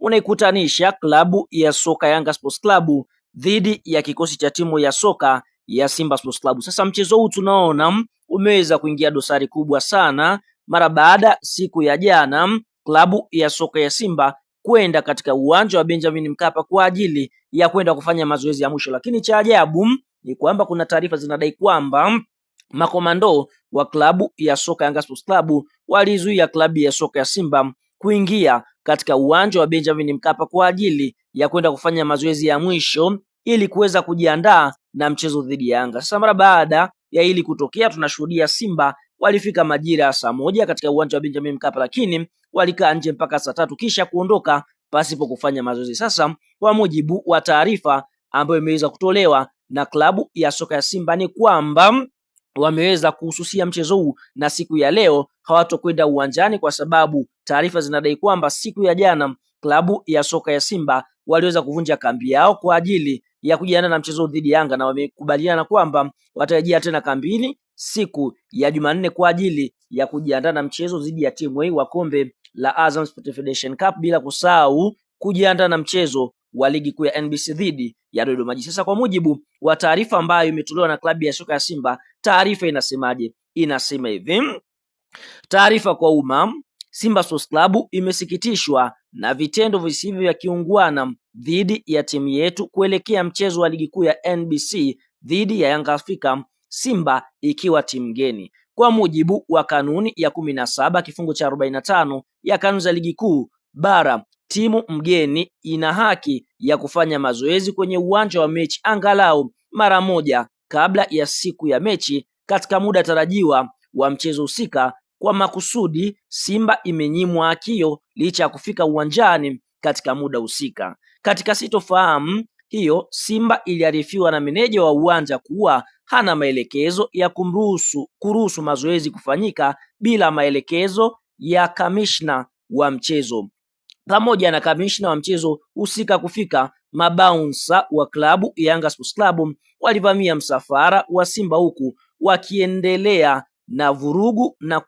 unaikutanisha klabu ya soka Yanga Sports Club dhidi ya kikosi cha timu ya soka ya Simba Sports Club. Sasa mchezo huu tunaona umeweza kuingia dosari kubwa sana mara baada siku ya jana klabu ya soka ya Simba kwenda katika uwanja wa Benjamin Mkapa kwa ajili ya kwenda kufanya mazoezi ya mwisho, lakini cha ajabu ni kwamba kuna taarifa zinadai kwamba makomando wa klabu ya soka Yanga Sports Club walizuia klabu ya soka ya Simba kuingia katika uwanja wa Benjamin Mkapa kwa ajili ya kwenda kufanya mazoezi ya mwisho ili kuweza kujiandaa na mchezo dhidi ya Yanga. Sasa mara baada ya hili kutokea, tunashuhudia Simba walifika majira ya saa moja katika uwanja wa Benjamin Mkapa, lakini walikaa nje mpaka saa tatu kisha kuondoka pasipo kufanya mazoezi. Sasa kwa mujibu wa taarifa ambayo imeweza kutolewa na klabu ya soka ya Simba ni kwamba wameweza kuhususia mchezo huu na siku ya leo hawatokwenda uwanjani kwa sababu taarifa zinadai kwamba siku ya jana klabu ya soka ya Simba waliweza kuvunja kambi yao kwa ajili ya kujiandaa na mchezo dhidi Yanga na wamekubaliana kwamba watarejea tena kambini siku ya Jumanne kwa ajili ya kujiandaa na mchezo dhidi ya timu wa kombe la Azam Sports Federation Cup bila kusahau kujiandaa na mchezo wa ligi kuu ya NBC dhidi ya Dodoma Jiji. Sasa kwa mujibu wa taarifa ambayo imetolewa na klabu ya soka ya Simba, taarifa inasemaje? Inasema hivi: taarifa kwa umma, Simba Sports Club imesikitishwa na vitendo visivyo vya kiungwana dhidi ya timu yetu kuelekea mchezo wa ligi kuu ya NBC dhidi ya Yanga Afrika, Simba ikiwa timu geni Kwa mujibu wa kanuni ya kumi na saba kifungu cha arobaini na tano ya kanuni za ligi kuu bara timu mgeni ina haki ya kufanya mazoezi kwenye uwanja wa mechi angalau mara moja kabla ya siku ya mechi katika muda tarajiwa wa mchezo husika. Kwa makusudi, Simba imenyimwa haki hiyo licha ya kufika uwanjani katika muda husika. Katika sitofahamu hiyo, Simba iliarifiwa na meneja wa uwanja kuwa hana maelekezo ya kumruhusu kuruhusu mazoezi kufanyika bila maelekezo ya kamishna wa mchezo pamoja na kamishna wa mchezo husika kufika, mabaunsa wa klabu Yanga Sports Club walivamia msafara wa Simba huku wakiendelea na vurugu na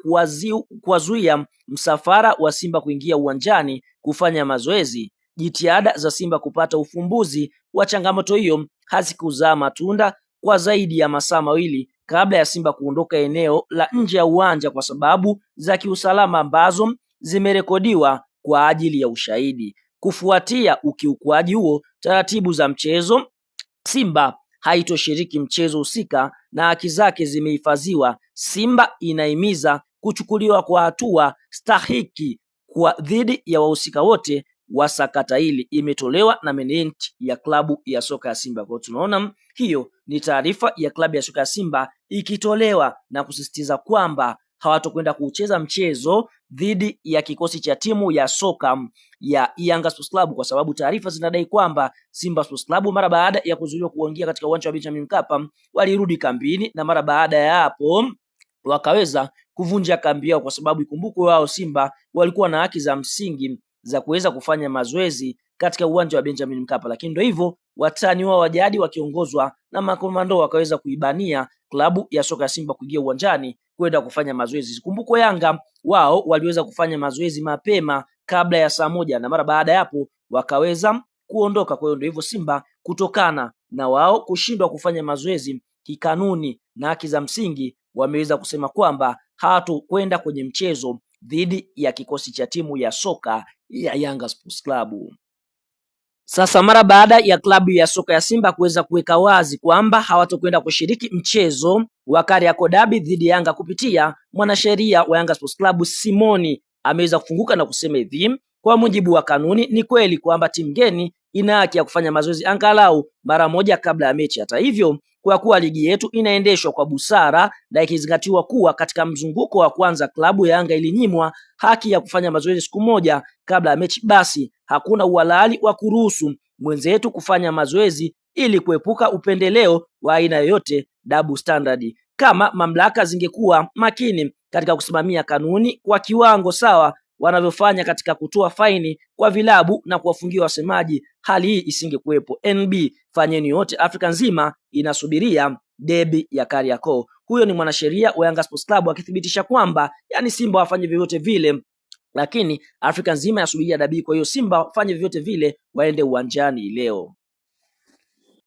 kuwazuia msafara wa Simba kuingia uwanjani kufanya mazoezi. Jitihada za Simba kupata ufumbuzi wa changamoto hiyo hazikuzaa matunda kwa zaidi ya masaa mawili kabla ya Simba kuondoka eneo la nje ya uwanja kwa sababu za kiusalama ambazo zimerekodiwa kwa ajili ya ushahidi. Kufuatia ukiukwaji huo taratibu za mchezo, Simba haitoshiriki mchezo husika na haki zake zimehifadhiwa. Simba inahimiza kuchukuliwa kwa hatua stahiki kwa dhidi ya wahusika wote wa sakata hili. Imetolewa na menejimenti ya klabu ya soka ya Simba. Kwa tunaona hiyo ni taarifa ya klabu ya soka ya Simba ikitolewa na kusisitiza kwamba hawatokwenda kucheza mchezo dhidi ya kikosi cha timu ya soka ya Yanga Sports Club, kwa sababu taarifa zinadai kwamba Simba Sports Club mara baada ya kuzuiwa kuongea katika uwanja wa Benjamin Mkapa walirudi kambini, na mara baada ya hapo wakaweza kuvunja kambi yao, kwa sababu ikumbukwe wao Simba walikuwa na haki za msingi za kuweza kufanya mazoezi katika uwanja wa Benjamin Mkapa, lakini ndio hivyo watani wao wa wakiongozwa na makomando wakaweza kuibania klabu ya soka ya Simba kuingia uwanjani kwenda kufanya mazoezi. kumbuko Yanga wao waliweza kufanya mazoezi mapema kabla ya saa moja na mara baada ya hapo wakaweza kuondoka. Kwa hiyo ndio hivyo Simba kutokana na wao kushindwa kufanya mazoezi kikanuni na haki za msingi, wameweza kusema kwamba hawatokwenda kwenye mchezo dhidi ya kikosi cha timu ya soka ya Yanga Sports Club. Sasa mara baada ya klabu ya soka ya Simba kuweza kuweka wazi kwamba hawatokwenda kushiriki mchezo wa Kariakoo Derby dhidi ya Yanga kupitia mwanasheria wa Yanga Sports Club Simoni ameweza kufunguka na kusema hivi, kwa mujibu wa kanuni ni kweli kwamba timu geni ina haki ya kufanya mazoezi angalau mara moja kabla ya mechi. Hata hivyo, kwa kuwa ligi yetu inaendeshwa kwa busara na ikizingatiwa kuwa katika mzunguko wa kwanza klabu ya Yanga ilinyimwa haki ya kufanya mazoezi siku moja kabla ya mechi, basi hakuna uhalali wa kuruhusu mwenzetu kufanya mazoezi ili kuepuka upendeleo wa aina yoyote, double standard. Kama mamlaka zingekuwa makini katika kusimamia kanuni kwa kiwango sawa wanavyofanya katika kutoa faini kwa vilabu na kuwafungia wasemaji, hali hii isingekuwepo. NB fanyeni yote, Afrika nzima inasubiria debi ya Kariakoo. Huyo ni mwanasheria wa Yanga Sports Club akithibitisha kwamba yani Simba wafanye vyovyote vile lakini Afrika nzima inasubiria dabi Kwa hiyo Simba wafanye vyovyote vile, waende uwanjani leo.